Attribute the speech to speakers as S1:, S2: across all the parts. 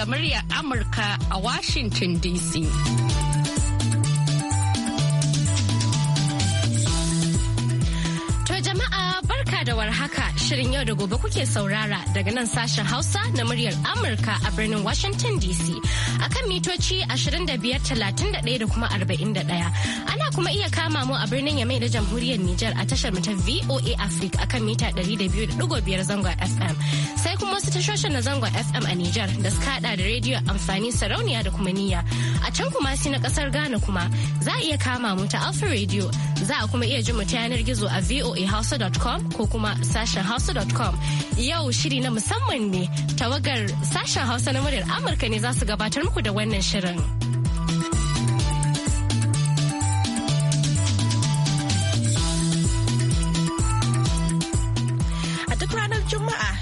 S1: daga muryar Amurka a Washington DC. To jama'a barka da warhaka shirin yau da gobe kuke saurara daga nan sashen Hausa na muryar Amurka a birnin Washington DC. akan mitoci 31 da kuma 41 kuma iya kama mu a birnin Yamai da jamhuriyar Nijar a tashar mu ta VOA Africa akan mita 200.5 zangon FM. Sai kuma wasu tashoshin na zangon FM a Nijar da suka hada da rediyo amfani sarauniya da kuma niyya. A can kuma na kasar Ghana kuma za a iya kama mu ta Alpha Radio za a kuma iya ji mu ta yanar gizo a voahausa.com ko kuma sashen hausa.com. Yau shiri na musamman ne tawagar sashen Hausa na muryar Amurka ne za su gabatar muku da wannan shirin.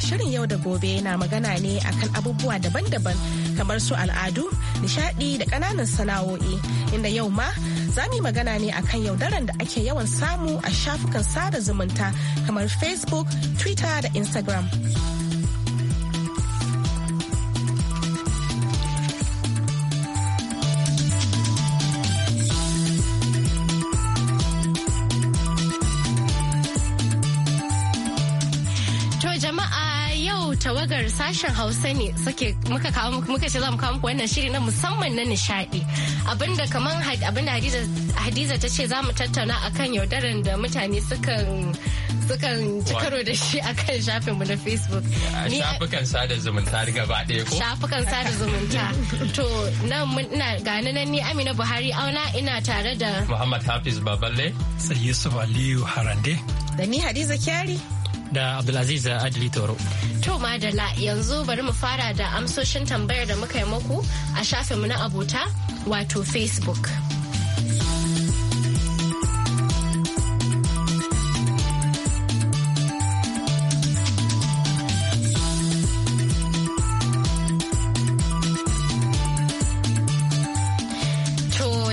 S2: shirin yau da gobe na magana ne akan abubuwa daban-daban kamar su al'adu, nishadi da kananan sana'o'i inda yau ma za mu yi magana ne akan yaudaran da ake yawan samu a shafukan sada zumunta kamar Facebook, Twitter da Instagram.
S1: tawagar sashen hausa ne suke muka kawo muka ce za mu kawo muku wannan shiri na musamman na nishadi abinda kamar abinda hadiza ta ce za mu tattauna akan yaudaran da mutane sukan sukan ci karo da shi a kan shafinmu na facebook shafukan
S3: sada zumunta gaba ɗaya ko
S1: shafukan sada zumunta to nan ina gani nan ni amina buhari auna ina tare da
S4: muhammad hafiz baballe sai yusuf aliyu harande
S1: da ni hadiza kyari
S4: da Abdulaziz Adli Toro.
S1: To Madala yanzu bari mu fara da amsoshin tambayar da muka yi muku a mu na abota wato Facebook.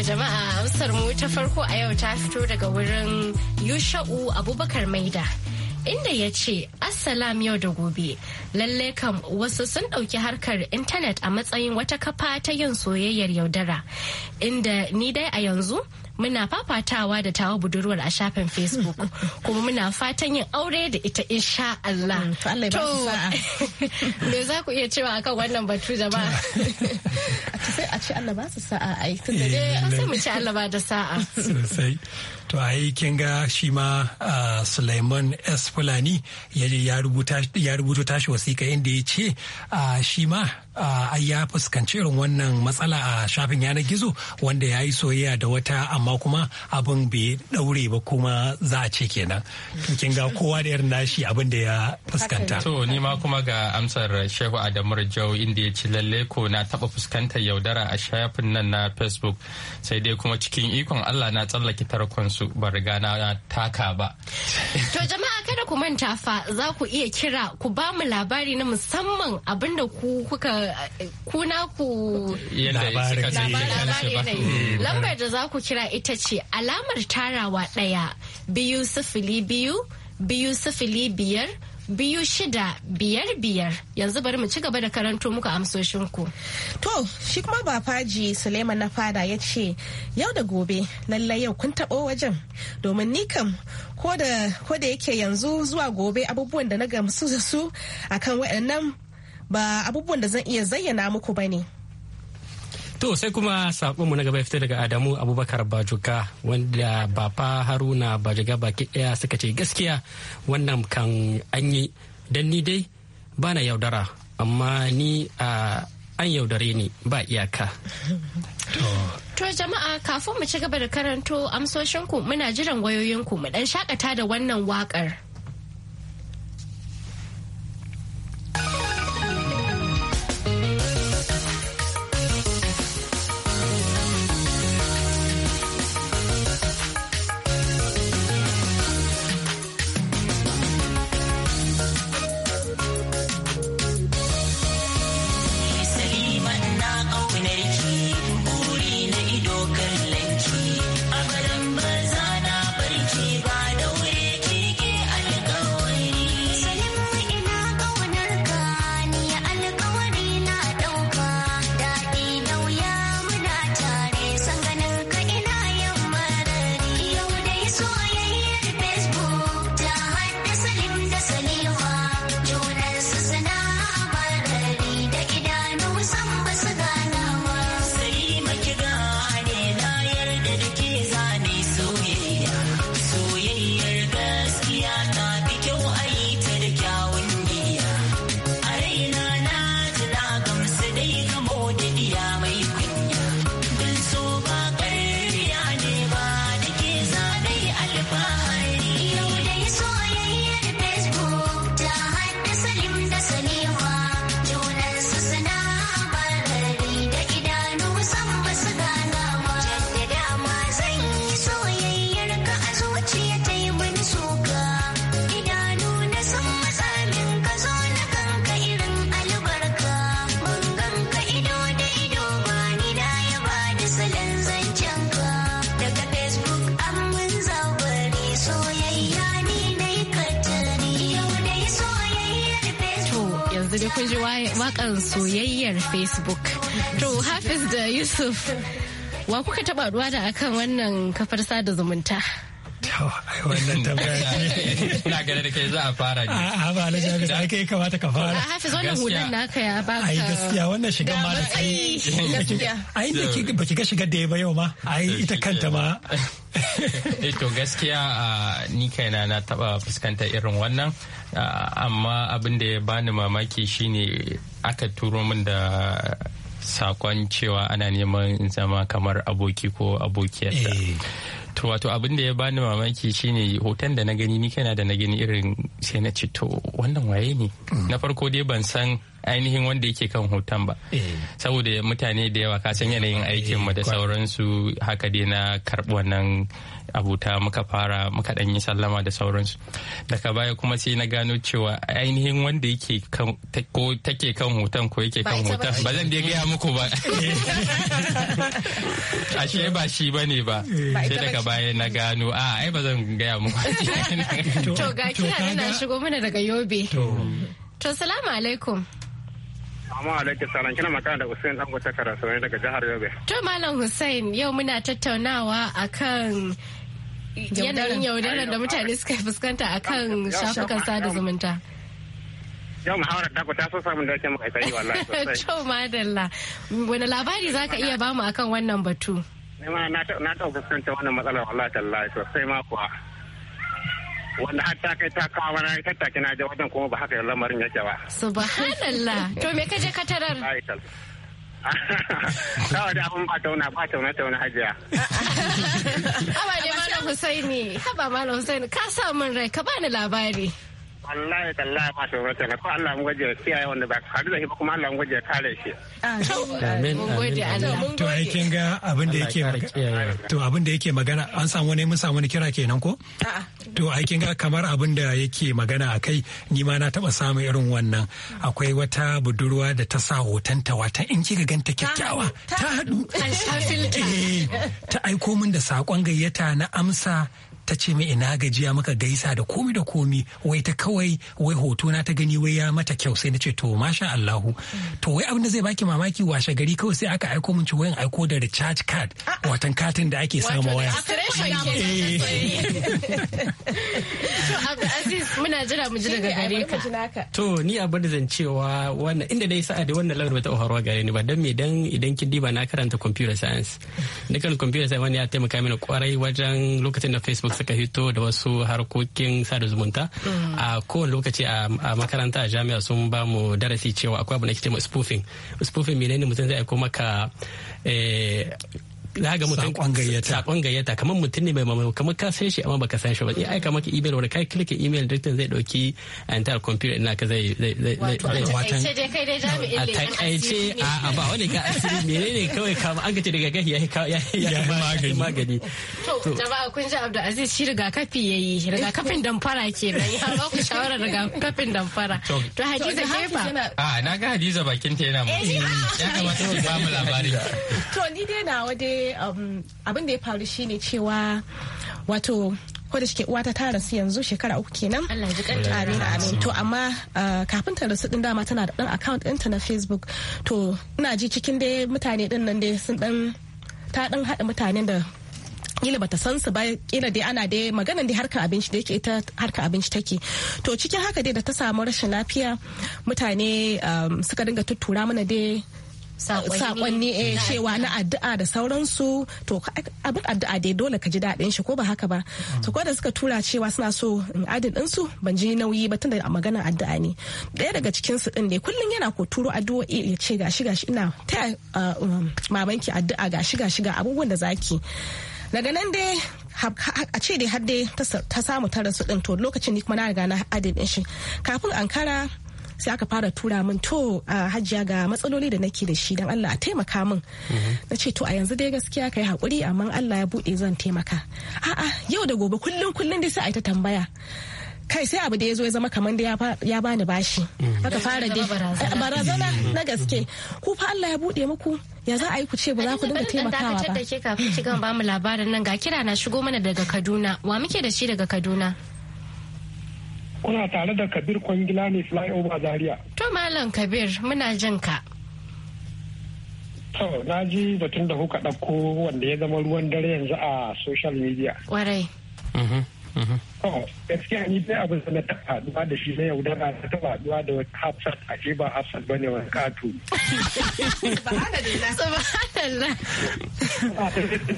S1: jama'a amsar mu ta farko a yau ta fito daga wurin yusha'u abubakar maida inda ya ce assalam yau da gobe lalle kam wasu sun ɗauki harkar intanet a matsayin wata kafa ta yin soyayyar yaudara inda ni dai a yanzu muna fafatawa da tawa budurwar a shafin facebook kuma muna fatan yin aure da ita insha Allah mm, to me za ku iya cewa akan wannan batu jama'a a ce Allah ba su sa'a ai tun da eh, dai sai mu ci Allah ba da sa'a
S4: to ai kin ga shi ma suleiman S Fulani ya rubuto tashi wasiƙa inda ya ce shi ma ya fuskanci irin wannan matsala a shafin yanar gizo wanda ya yi soyayya da wata amma kuma abin bai daure ba kuma za a ce kenan kinga kin ga kowa da irin nashi abin da ya fuskanta to ni ma kuma
S3: ga amsar Shehu Adamu Rajau inda ya ci lalle ko na taba fuskantar yaudara a shafin nan na Facebook sai dai kuma cikin ikon Allah na tsallake tarkon su su ban riga na taka ba.
S1: To jama'a kada ku manta fa za ku iya kira ku ba mu labari na musamman abinda ku kuka kuna ku
S5: eh, lambar da
S1: za ku kira ita ce alamar tarawa ɗaya biyu sifili biyu biyu sifili biyar biyu shida biyar
S2: biyar yanzu bari mu ci gaba da karanto muku amsoshinku. To shi kuma ba faji Suleiman na fada ya ce yau da gobe lallai yau kun taɓo wajen domin ni kam ko da yake yanzu zuwa gobe abubuwan da na gamsu da su akan waɗannan ba abubuwan da zan iya zayyana muku ba ne.
S6: To sai kuma mu na gaba ya daga Adamu Abubakar Bajuka wanda bafa Haruna Bajuga baki ɗaya suka ce gaskiya wannan kan an yi dan ni dai ba na yaudara amma ni a an yaudare ni ba iyaka.
S1: To jama'a kafin mu ci gaba da karanto amsoshinku muna jiran wayoyinku mu dan shakata da wannan waƙar. facebook to hafiz da yusuf wa kuka taba ruwa da akan wannan kafar sada zumunta
S4: ai wannan tambaya ce ina gane da kai za a fara ne a ba na jami'a sai kai kamata ka fara A hafiz wannan hudan
S1: naka ya ba ka ai gaskiya wannan shigan ma da kai ai
S4: da ki baki ga shigar da ya ba yau ma ai ita kanta ma
S3: eh, to gaskiya ni kaina na taba fuskantar irin wannan amma abin da ya bani mamaki shine aka turo min da sakon cewa ana neman zama kamar aboki ko abokiyarsa eh. to wato abin da ya bani mamaki shine hoton da na gani ni kana da na gani irin sai na ce to wannan waye ne mm. na farko dai ban san ainihin wanda yake kan hoton ba eh. saboda mutane da yawa kasan yanayin eh, aikin mu da sauransu haka dai na karɓi wannan Abuta muka fara muka dan yi sallama da sauransu daga baya kuma sai na gano cewa ainihin wanda yake kan ko take kan hoton ko yake kan hoton ba zan dai gaya muku ba ashe ba shi bane ba sai daga baya na gano a ah, ai ba zan gaya
S7: muku
S1: to ga kina na shigo mana daga yobe to salamu alaikum
S7: Amma alaikum salam kina magana da Hussein Dangote Karasa ne daga jihar Yobe.
S1: To Malam Hussein yau muna tattaunawa akan yanayin yaudarar da mutane suka fuskanta a kan shafukan sada zumunta.
S8: Yau muhawarar ta ta so samun dace mu kai wallahi sosai. Cewa
S1: madalla. Wani labari za ka iya bamu akan wannan batu?
S7: Na taɓa fuskanta wannan matsalar wallahi tallahi sosai ma kuwa. wanda har ta kai ta kawo mana take na je wajen kuma ba haka lamarin yake ba.
S1: Subhanallah. To me kaje ka tarar?
S7: Kawai da abin ba tauna ba tauna tauna hajiya.
S1: Haba ne Malam Husaini, haba Malam Husaini, ka sa min rai, ka bani labari.
S7: wallahi tallahi fata wata na ko Allah mu gaje kiyaye wanda ba ka da shi kuma Allah mu gaje kare shi
S5: amin amin to ai
S4: kin ga abin da yake to abin da yake magana an samu wani mun samu wani kira kenan ko to ai kin ga kamar abin da yake magana akai ni ma na taba samu irin wannan akwai wata budurwa da ta sa hoton ta wata in kika ganta kyakkyawa ta hadu eh, ta aiko min da sakon gayyata na amsa ta ce mai ina gajiya maka gaisa da komi da komi wai ta kawai wai hoto na ta gani wai ya mata kyau sai na ce to masha Allahu to wai abin da zai baki mamaki washe gari kawai sai aka aiko ci wayan aiko da recharge card watan katin da ake samu waya
S5: eh.
S1: Aziz muna jira mu ji daga gare ka
S4: to ni abin da zan
S6: cewa wannan inda dai sa'a da wannan lamarin ta faruwa gare ni ba dan me dan idan kin diba na karanta computer science ne kan computer science wani ya taimaka mini kwarai wajen lokacin da Facebook suka hito da wasu harkokin sada zumunta mm. a kowane lokaci a makaranta a jami'a sun ba mu darasi cewa akwai abu na ke ce ma spoofing spoofing menene mutum zai aiko maka eh, za mutum sakon gayyata sakon gayyata kamar mutum ne mai kamar ka san shi amma baka san shi ba in aika maka email wanda kai click email direct zai dauki entire computer ina ka zai zai zai ne.
S1: a ce a ba wani ka asiri menene kawai kama
S6: an gace daga gahi ya ya magani magani
S1: to jama'a kun ji Aziz shi rigakafi yayi rigakafin damfara nan ya ba ku shawara rigakafin damfara to Hadiza kefa
S3: a na ga Hadiza bakin ta yana eh, ya kamata ku ba mu labari
S2: to ni dai na wade Um, abin da ya faru shine cewa wato ko da shike uwata ta rasu yanzu shekara uku kenan amin amin to amma uh, kafin ta rasu din dama tana da dan account ɗinta na facebook to ina ji cikin dai mutane din nan dai sun dan ta dan haɗa mutanen da kila bata san su ba kila dai ana dai magana dai harkar abinci da yake ita harkar abinci take to cikin haka dai da ta samu rashin lafiya mutane um, suka dinga tuttura mana dai sakonni eh cewa na addu'a da sauransu to abin addu'a dai dole ka ji daɗin shi ko ba haka ba to ko da suka tura cewa suna so in adin din su ban ji nauyi ba tunda magana addu'a ne ɗaya daga cikin su din ne kullun yana ko turo addu'a ya ce gashi gashi ina ta uh, um, mamanki addu'a gashi gashi ga abubuwan da zaki daga nan dai a ce dai har dai ta samu ta rasu din to lokacin ni kuma na riga na adin din shi kafin ankara sai aka fara tura min to a hajiya ga matsaloli da nake da shi dan Allah a taimaka min mhm. na ce to a yanzu dai gaskiya kai hakuri amma Allah ya bude zan taimaka a'a yau da gobe kullun kullun dai sai a ta tambaya kai sai abu da ya zo ya zama kamar da ya bani bashi mhm. aka fara dai barazana mhm. na gaske ku fa Allah ya buɗe muku ya za a yi ku ce ba za ku dinga
S1: taimakawa ba da ke kafin ki ba bamu labarin nan ga kira na shigo mana daga Kaduna wa muke da shi daga Kaduna
S7: kuna tare da kabir kwangila ne flyover zaria
S1: to malam kabir muna jin ka
S7: to na ji batun da kuka ɗauko wanda ya zama ruwan dare yanzu a social media warai gaskiya ni dai abin da na taɓa da shi na yaudara na ta faduwa da wata hafsat a ce ba hafsat ba ne wani katu.
S5: Subhanallah.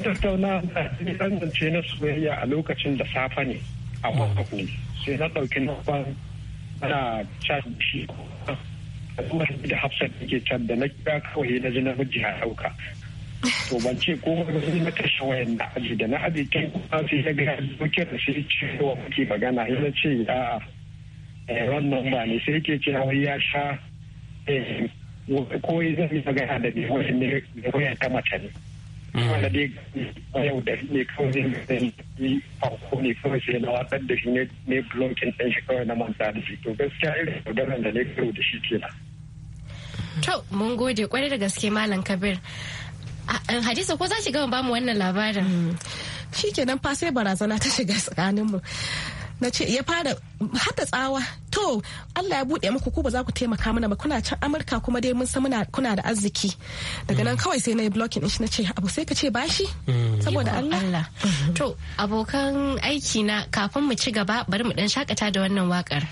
S7: Tattauna da zance na soyayya a lokacin da safa ne. a whatsapp sai na ɗauki nufan ana chat shi da hafsat ke chat da na kira kawai na ji namiji a ɗauka to ban ce ko wani sai na kashe wayan na aji da na aji kai kuma sai ya ga duke da sai ce wa muke magana ya na ce a eh, wannan ba ne sai ke ce wai ya sha eh, ko zan yi magana da ne wayan ta mace ne Mm. wanda dai a yau da ne kawai ne zai yi farko ne kawai sai na watsar da shi ne blonkin ɗin shi kawai na manta da shi to gaskiya irin yaudaran da ne karo da shi
S5: kenan.
S1: to mun gode kwarai da gaske malam kabir eh,
S2: hadisa ko za gama bamu wannan labarin. Mm. shikenan fa sai barazana ta shiga tsakaninmu. mu na ce ya fara hada tsawa to Allah ya buɗe muku ku ba za ku taimaka mana ba kuna can Amurka kuma dai mun san kuna da arziki daga nan kawai sai na yi blocking din shi na ce abu sai ka ce bashi mm. saboda Allah to abokan aiki na kafin
S1: mu ci gaba bari mu dan shakata da wannan wakar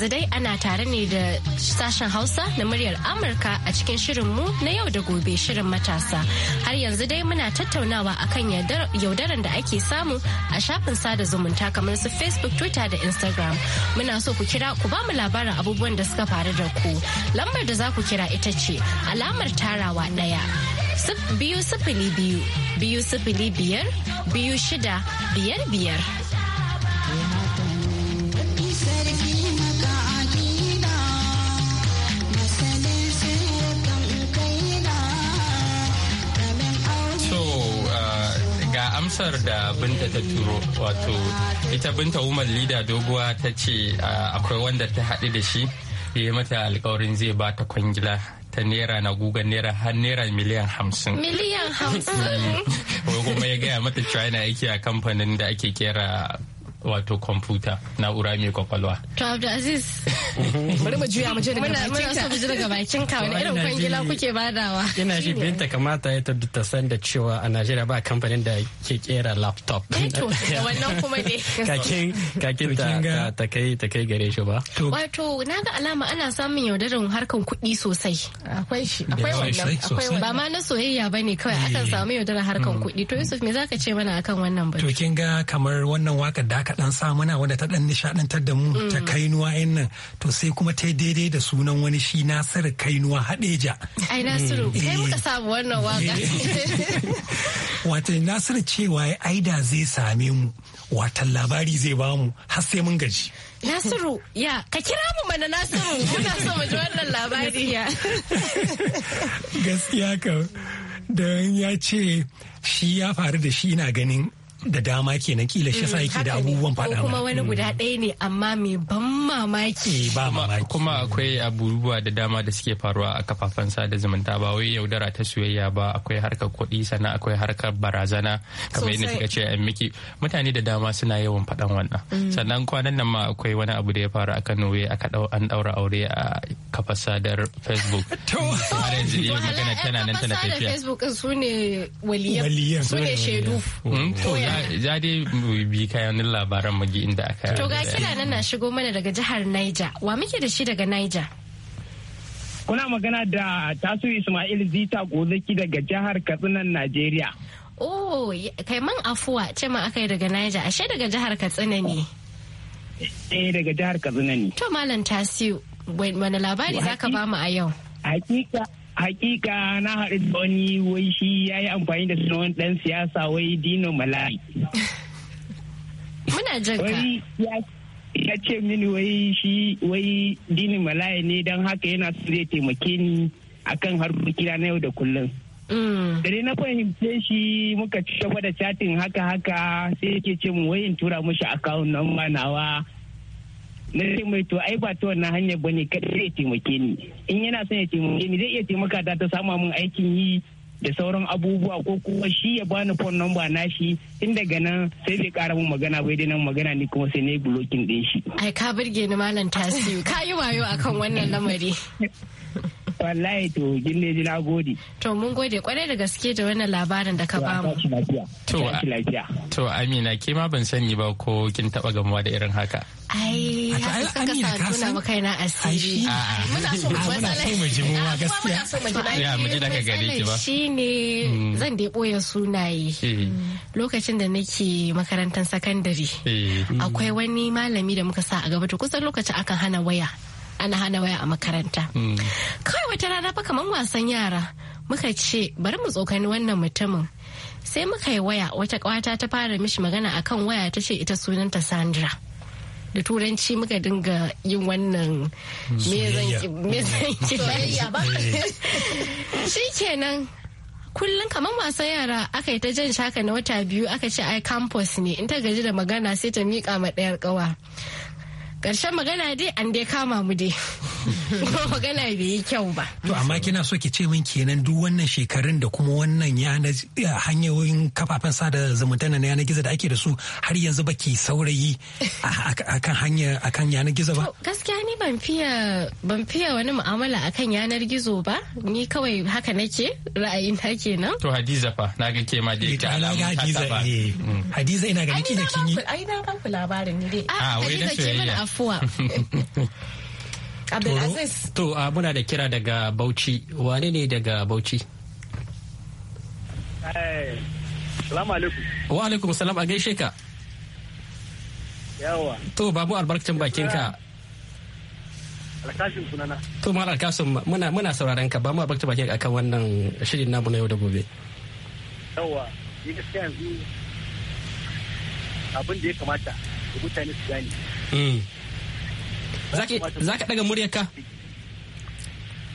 S1: yanzu dai ana tare ne da sashen Hausa na muryar Amurka a cikin shirin mu na yau da gobe shirin matasa. Har yanzu dai muna tattaunawa akan yaudaran da ake samu a shafin sada zumunta kamar su Facebook, Twitter da Instagram. Muna so ku kira ku ba mu labarin abubuwan da suka faru da ku. Lambar da za ku kira ita ce alamar tarawa ɗaya. Biyu sifili biyu, biyu sifili biyar, biyu shida, biyar biyar.
S3: amsar da binta ta turo wato ita binta umar lida doguwa ta ce ah, akwai wanda ta haɗu da shi ya mata alkawarin zai ba ta kwangila ta naira na guga naira har naira miliyan hamsin.
S1: Miliyan hamsin. Kuma
S3: ya gaya mata cewa yana aiki a kamfanin da ake kera wato kwamfuta na'ura mai kwakwalwa.
S1: To Abdulaziz. Bari mu juya mu je daga bakin Muna so mu daga bakin ka wani irin kwangila kuke badawa. Ina shi
S6: binta kamata ya tabbata ta san da cewa a Najeriya ba kamfanin da ke kera laptop. Eh, da wannan
S1: kuma dai. Kakin
S6: kakin ta ta kai ta kai gare shi ba.
S1: Wato na ga alama ana samun yaudarin harkan kuɗi sosai. Akwai shi akwai wannan akwai ba ma na soyayya bane kawai akan eh. samu yaudarar harkan mm. kuɗi. To Yusuf me zaka ce mana akan wannan ba.
S4: To kin ga kamar wannan waka da aka dan samuna wanda ta dan nishadantar da mu mm. ta kainuwa yan nan to sai kuma ta daidai da sunan wani shi nasiru kainuwa hadeja ai nasiru eh, kai muka eh.
S1: samu wannan waka eh.
S4: wato nasiru cewa ai aida zai same mu watan labari zai ba mu har sai mun gaji
S1: Nasiru, ya, ka kira mu mana Nasiru, muna so mu ji wannan
S5: labari ya.
S4: Gaskiya ka, dan ya ce shi ya faru da shi na ganin da dama kenan kila shi mm, yake da abubuwan
S3: faɗa kuma wani guda
S1: mm. ɗaya ne amma mai ban mamaki
S4: ba mamaki kuma
S3: akwai abubuwa da dama da suke faruwa a kafafen sada zumunta ba wai yaudara ta soyayya ba akwai harkar kuɗi sannan akwai harkar barazana kamar yadda kika ce yan miki mutane da dama suna yawan faɗan wannan mm. sannan kwanan nan ma akwai wani abu da ya faru a Kano aka an daura aure a kafar sadar Facebook magana tana nan tana tafiya
S1: Facebook su ne waliyan su ne shaidu
S3: mm, to ya dai bi kayan
S8: labaran magi inda aka to ga kira
S1: nan na shigo mana daga jihar Niger. Wa muke da shi daga Niger?
S8: Kuna magana da Tasu Ismail Zita Gozaki daga jihar Katsina, Najeriya.
S1: Oh, kai man afuwa ce ma aka yi daga Niger, ashe daga jihar Katsina ne.
S8: Eh daga jihar Katsina ne.
S1: To Malam Tasiu, wani labari za ka ba mu a yau?
S8: Hakika hakika na haɗu da wani wai shi ya yi amfani da sunan ɗan siyasa wai dino mala'i. Muna jin ka. ya ce mini wai shi wai dini malaya ne don haka yana so zai taimake ni akan harkokina na yau da kullum. Mm. Dare na fahimce shi muka ci gaba da chatin haka haka sai yake ce mu wayin tura mushi akawun nan ma Na ce mai to ai ba ta wannan hanyar bane kadai zai taimake ni. In yana son ya taimake ni zai iya taimaka ta ta samu min aikin yi da sauran abubuwa ko kuma shi ya bani phone number na shi in daga nan sai bai kara mun magana bai da nan magana ni kuma sai ne bulokin blocking din shi
S1: ai ka burge ni malam tasiri ka yi wayo akan wannan lamari
S8: wallahi to gille ji na gode
S1: to mun gode kwarai da gaske da wannan labarin da ka bamu
S8: to
S3: to amina ke ma ban sani ba ko kin taba gamuwa da irin haka
S1: ai haka ka sa tuna makaina asiri muna
S5: so mu ji mu gaskiya ya mu ji daga gare ki ba
S1: shine hmm. zan dai boye sunaye eh. lokacin da nake makarantar sakandare eh. akwai wani malami da muka sa a gaba to kusan lokacin akan hana waya ana hana waya a makaranta hmm. kawai wata rana fa kamar wasan yara muka ce bari mu tsokani wannan mutumin sai muka yi waya wata kwata ta fara mishi magana akan waya ta ce ita sunanta sandra da turanci muka dinga yin wannan shi kenan kullum kamar wasan yara aka yi ta jan shaka na wata biyu aka ce ai campus ne in ta gaji da magana sai ta miƙa ma ɗayar ƙawa karshen magana dai an dai kama mu dai magana bai yi kyau ba to amma
S4: kina so ki ce min kenan duk wannan shekarun da kuma wannan yanar eh, hanyoyin kafafen sada zumunta na yanar gizo da ake da su har yanzu ba ki saurayi akan hanya akan yanar gizo ba
S1: gaskiya ni ban fiya ban fiya wani mu'amala akan yanar gizo ba ni kawai haka nake ra'ayin ta kenan
S3: to hadiza fa na ga ke ma dai ta alamu hadiza eh. mm.
S4: hadiza ina ga
S1: niki da yi. ai na
S2: ba ku labarin ni dai a ah, ah, hadiza ke mana afuwa abdulaziz
S6: to muna da kira daga bauchi wane ne daga bauchi salamu alaikum wa alaikum salam a gaishe ka yawa to babu albarkacin bakin ka Alkashin sunana to ma alkashin muna muna sauraron ka ba mu albarkacin bakin kan wannan shirin namu na yau da gobe
S7: yawa yi gaskiya yanzu abin da ya kamata da mutane su gane. Hmm. Za ka
S6: daga muryarka?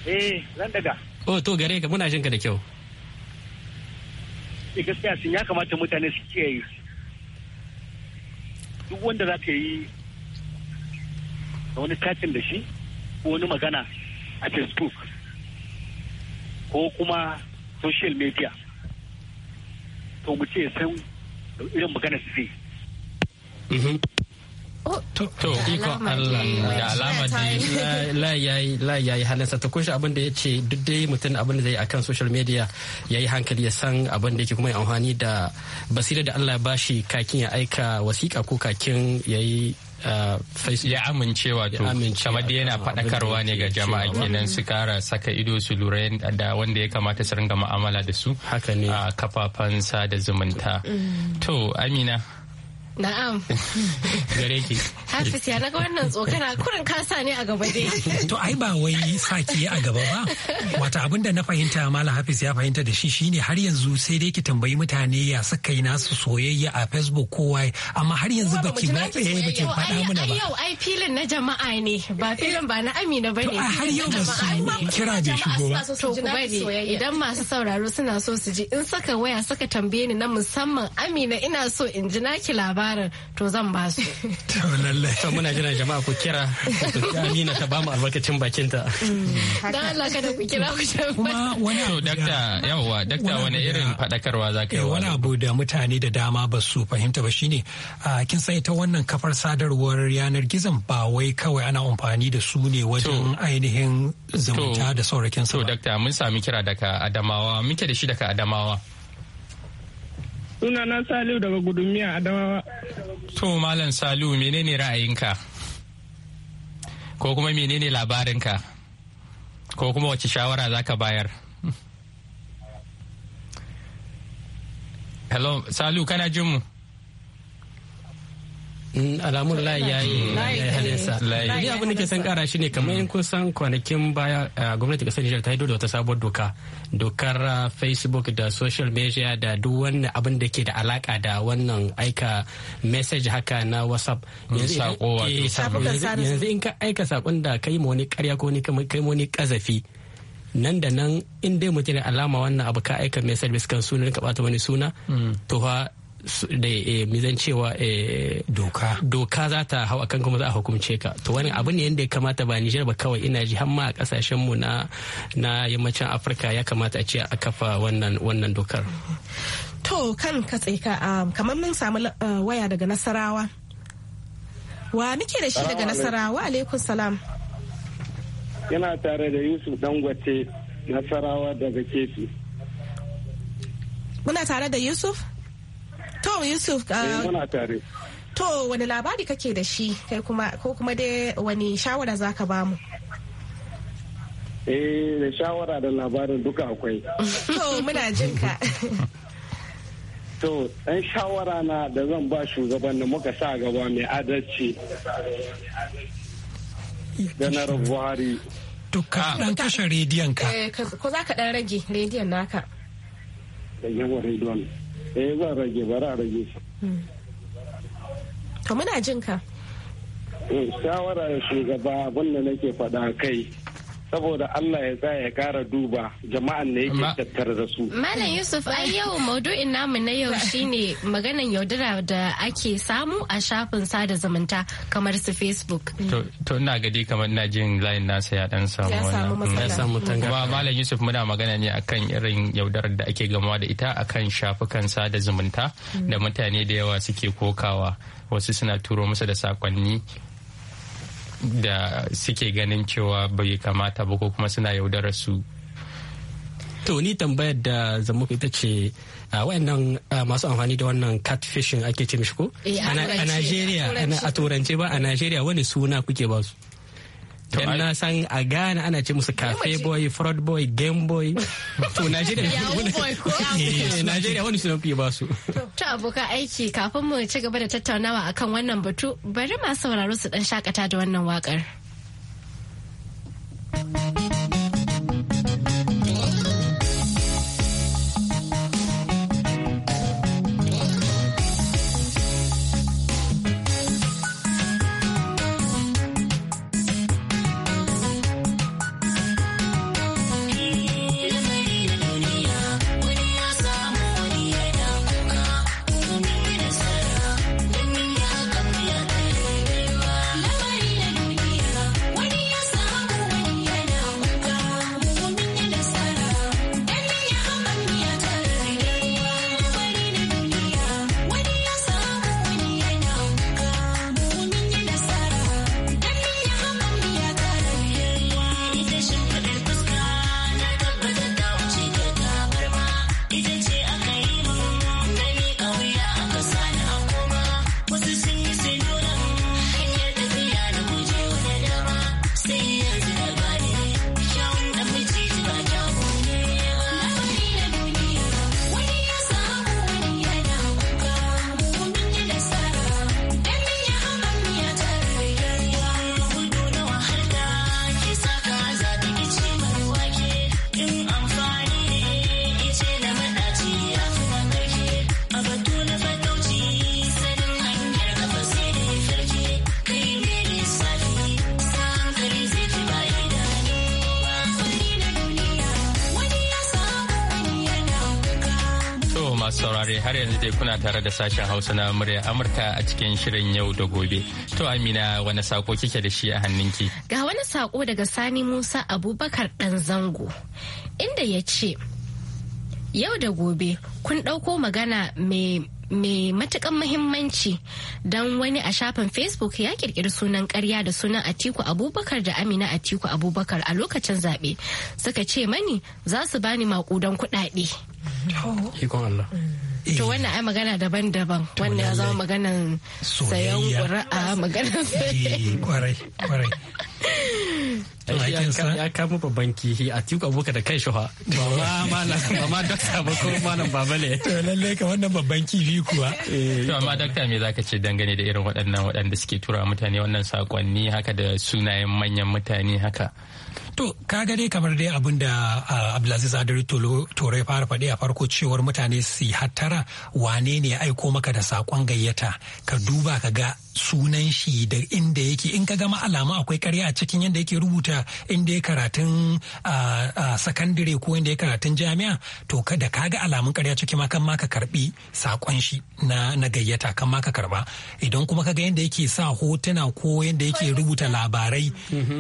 S7: Eh, zan
S6: daga. Oh, to gare ka muna jin ka da kyau.
S7: Eh, gaskiya sun ya kamata mutane su kiyaye. Duk wanda za ka yi da wani katin da shi ko wani magana a Facebook ko kuma social media to mu ce san irin magana su zai. Mm-hmm. Oh. To,
S6: ikon Allah da alama ya yi halinsa ta kunshi abin da ya ce duk dai mutum abin da zai akan social media ya yi hankali ya san abin da yake kuma ya amfani da basira da Allah ba shi kakin ya aika wasiƙa ko kakin ya yi uh, ya amincewa to kamar yana faɗakarwa ne
S3: ga jama'a kenan su kara saka ido su lura da wanda ya kamata su ringa mu'amala da su a kafafen sada zumunta mm. to amina
S1: Na'am.
S4: Gare ki.
S3: Hafiz
S1: ya naga wannan tsokana kurin kasa ne a gaba dai. To
S4: ai ba wai saki a gaba ba. Wata abin da na fahimta malam Hafiz ya fahimta da shi shine har yanzu sai dai ki tambayi mutane ya saka yi nasu soyayya a Facebook ko wai amma har yanzu baki eh, ba ki baki faɗa mana ba.
S1: Yau ai filin na jama'a ne ba filin ba na Amina bane. To har yau ba su
S5: kira bai shigo ba. To ku bari idan
S1: masu sauraro suna so su ji in saka waya suka tambaye ni na musamman Amina ina so in ji naki labar. labarin to zan ba su
S6: to lallai to muna jiran jama'a ku kira Amina ta ba mu albarkacin bakin
S4: ta
S1: mm. dan Allah kada ku kira ku ce kuma
S4: wani to dakta yawa dakta wani irin fadakarwa za ka yi eh, wani abu da mutane da dama ba su fahimta ba shine kin sai ta wannan kafar sadarwar yanar gizon ba wai kawai ana amfani da su ne wajen ainihin
S3: zumunta da saurakin sa to dakta mun sami kira daga Adamawa muke da shi daga Adamawa
S8: Sunana Saliu daga Gudumiya Adamawa. To
S3: Malam Saliu menene ra'ayinka? Ko kuma menene labarinka? Ko kuma wace shawara za ka bayar?
S6: Hello, Saliu kana jin mu? Mm, alamun layi ya yi halinsa ni abin da ke san kara shi ne kamar yin kun san kwanakin baya gwamnati kasar nijar ta yi da wata sabuwar doka dokar facebook da social media da duk wani abin da ke da alaka da wannan aika message haka na whatsapp eh, yanzu in ka aika sakon da kai ma wani karya ko ni kai ma wani kazafi nan da nan in dai mutum alama wannan abu ka aika message kan sunan ka bata wani suna mm. to fa Eh, zan cewa eh, doka doka za ta hau akan kuma za a hukumce ka to wani abu ne yadda ya kamata ba Nijar ba kawai ina ji har ma a kasashen mu na na yammacin Afirka ya kamata a ce a kafa wannan wannan dokar
S2: to kan ka tsika um, kamar mun samu uh, waya daga Nasarawa wa muke da shi daga Nasarawa alaikum salam
S7: yana tare da Yusuf dangote Nasarawa daga Kefi
S2: muna tare da Yusuf To Yusuf. Uh, eh, to wani labari kake da shi kai kuma ko kuma dai wani shawara za ka ba mu?
S7: Eh da shawara da labarin duka akwai.
S2: To muna jin ka.
S7: To ɗan shawara na da zan ba shugaban da muka sa gaba mai adalci. Ganar Buhari.
S4: Duka ɗan kashe rediyon
S2: eh, ka. Ko za ka ɗan rage rediyon naka.
S7: yawan rediyon. eh zan rage bara a rage shi hmm.
S2: to muna jin ka
S7: eh, shawara shugaba abin da nake faɗa kai saboda Allah ya sa ya kara duba jama'an ne yake tattare da su.
S2: Malam Yusuf
S1: ai yau maudu'in namu na yau shine maganan yaudara da ake samu a shafin sada zumunta kamar su Facebook.
S3: To ina gadi kamar ina jin layin nasa ya dan samu wannan. samu Malam Yusuf muna magana ne akan irin yaudarar da ake gamawa da ita akan shafukan sada zumunta da mutane da yawa suke kokawa wasu suna turo masa da sakonni da suke ganin cewa bai kamata ba ko kuma suna yaudarar su
S6: to ni tambayar da zamu ita ce wayannan masu amfani da wannan catfishing ake ce mishi ko eh, a nigeria a turance ba a Najeriya wani suna kuke ba su Dan na san a Ghana ana ce musu cafe boy, fraud boy, game boy. To Najeriya eh, wani sunan fiye ba su.
S1: To aboka aiki kafin mu ci gaba da tattaunawa akan wannan batu bari masu sauraro su dan shakata da wannan wakar.
S3: tare da sashen Hausa na murya Amurka a cikin shirin yau da gobe. To Amina wani sako kike da shi a hannunki?
S1: Ga wani sako daga Sani Musa Abubakar ɗan zango inda ya ce yau da gobe kun ɗauko magana mai mai matukan mahimmanci don wani a shafin facebook ya kirkiri sunan karya da sunan atiku abubakar da amina atiku abubakar a lokacin zaɓe suka ce mani za su bani makudan kuɗaɗe. to eh. wannan ai magana daban-daban wannan ya zama maganan sayan ƙuri'a maganan eh, kwarai kwarai
S6: ya kama babban kihi a tuka boka da kai shuha ba ma malam ba ma dokta ba ko malam baba ne
S3: to
S4: lalle ka wannan babban kihi kuwa eh,
S3: to amma dokta me zaka ce dangane da irin waɗannan waɗanda suke tura mutane wannan sakonni haka da sunayen manyan mutane haka
S4: To, kaga dai kamar dai abin da Abdulaziz Adari Tore ya fara faɗi a farko cewar mutane su hattara wane ne ya aiko maka da saƙon gayyata ka duba ka ga sunan shi da inda yake in ka gama alamu akwai karya a cikin yadda yake rubuta inda ya karatun sakandare ko inda ya karatun jami'a to da ka ga alamun karya ciki ma kan ma ka karbi sakon shi na gayyata kan ma ka karba idan kuma ka ga yadda yake sa hotuna ko yadda yake rubuta labarai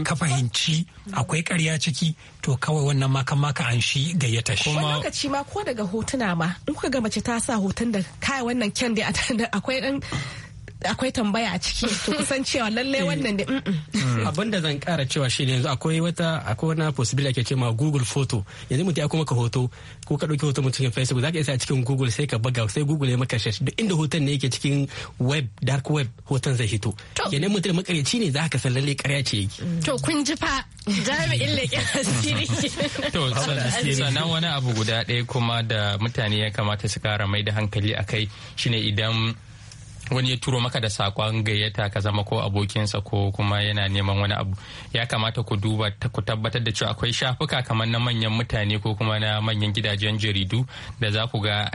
S4: ka fahimci akwai karya ciki to kawai wannan ma kan ma ka an shi gayyata shi kuma
S2: lokaci ma ko daga hotuna ma in kuka ga mace ta sa hoton da kai wannan kyan da akwai dan akwai tambaya a ciki to kusan cewa lallai eh. wannan da mm.
S6: abin da zan kara cewa shi yanzu akwai wata akwai wani possibility ake cewa ma google photo yanzu mutum ya kuma ka hoto ko ka dauki hoto mutum cikin facebook zaka isa a cikin google sai ka buga sai google ya maka shash duk inda hoton ne yake cikin web dark web hoton zai hito yanzu mutum makareci ne zaka san lallai karya
S1: ce yake mm. to kun ji fa
S5: jami'in leƙen asiri to sannan
S3: wani abu guda ɗaya kuma da mutane ya kamata su kara mai da hankali akai shine idan wani ya turo maka da sakon gayyata ka zama ko abokinsa ko kuma yana neman wani abu ya kamata ku duba ku tabbatar da cewa akwai shafuka kamar na manyan mutane ko kuma na manyan gidajen jaridu da za ku ga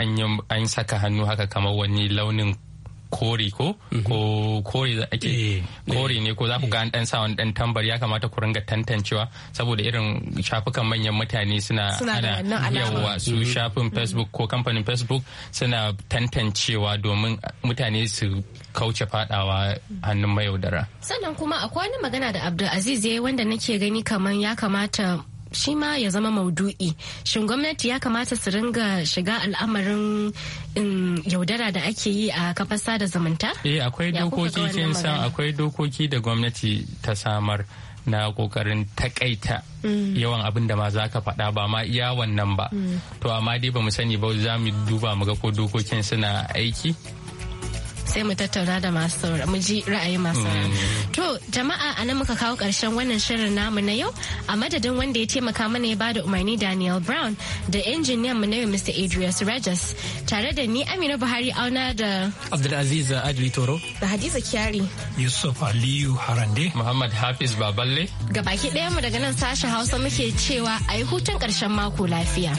S3: an saka hannu haka kamar wani launin kori ko mhm. ko kori za ake eh, kori eh. ne ko za ku ga an dan sa wani dan tambar ya kamata ku ringa tantancewa saboda irin shafukan manyan mutane suna ana yawa su mhm. shafin mhm. facebook ko kamfanin facebook suna tantancewa domin mutane su kauce fadawa
S1: hannun mayaudara sannan kuma akwai wani magana da abdulaziz ya wanda nake gani kaman ya kamata shi ma ya zama maudu'i shin gwamnati ya kamata su ringa shiga al'amarin um, yaudara da ake yi a kafar sada zumunta eh akwai dokoki kin san
S3: akwai dokoki da gwamnati ta samar na kokarin takaita mm. yawan abin da ma za ka faɗa ba ma iya wannan ba mm. to amma dai ba mu sani ba za mu duba mu ga ko dokokin suna aiki
S1: sai mu tattauna da masu mu ji ra'ayi masu mm. To jama'a a nan muka kawo karshen wannan shirin namu na yau a madadin wanda ya taimaka mana ya bada umarni Daniel Brown da injiniyan mu na yau Mr. Adrius Regis tare da ni Amina Buhari auna da
S6: Abdulaziz Adli Toro
S1: da Hadiza Kyari
S3: Yusuf Aliyu Harande Muhammad Hafiz Baballe
S1: Gabaki ɗayan mu daga nan sashen Hausa muke cewa a yi hutun ƙarshen mako lafiya.